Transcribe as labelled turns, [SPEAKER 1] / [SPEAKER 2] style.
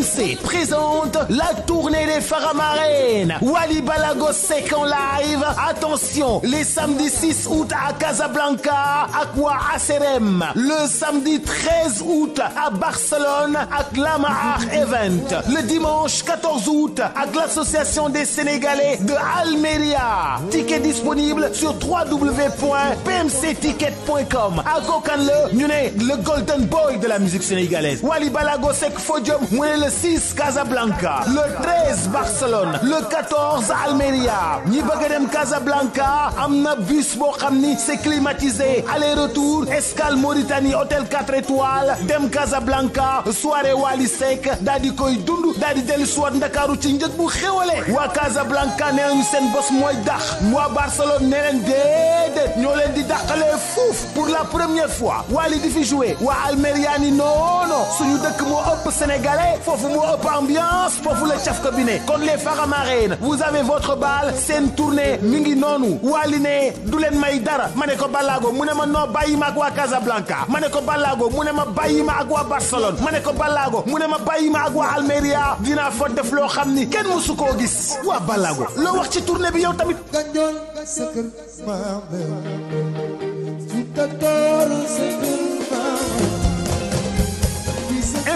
[SPEAKER 1] RMC présente la tournée des Faramareen Wally Balago Seck en live attention les samedis 6 août à Casablanca ak waa ACRM le samedi 13 août à Barcelone ak l'Amaar Event le dimanche août ak des Sénégalais de Almeria tickets disponibles sur www.pmcticket.com ak kookan la ñu ne le golden boy de la musique sénégalaise Wally Balago Seck Fodium le 6 Casablanca le 13 Barcelone le 14 Almeria ñi bëgg dem Casablanca am na bus boo xam ni c'est climatisé aller-retour escale Mauritanie hôtel 4 étoiles dem Casablanca soirée Wally Seck daal di koy dund daal di dellu suwaat Ndakaaru ci njëg bu xéwale waa Casablanca nee nañu seen bos mooy dax waa Barcelone nee leen déedéet ñoo leen di dàqalee fuuf pour la première fois Wally di fi joué waa Almeria ni non non suñu dëkk moo ëpp sénégalais foofu foofu moo ëpp ambiance foofu le cafka bi ne kon les Faramareen vous avez votre bal seen tournée mi ngi noonu Wally ne du leen may dara ma ne ko Balago mu ne ma noo bàyyi ma ak waa Casablanca ma ne ko Balago mu ne ma bàyyi ma ak waa Barcelone ma ne ko Balago mu ne ma bàyyi ma ak waa Almeria dinaa fa def loo xam ni kenn mësu koo gis waa Balago loo wax ci tournée bi yow tamit.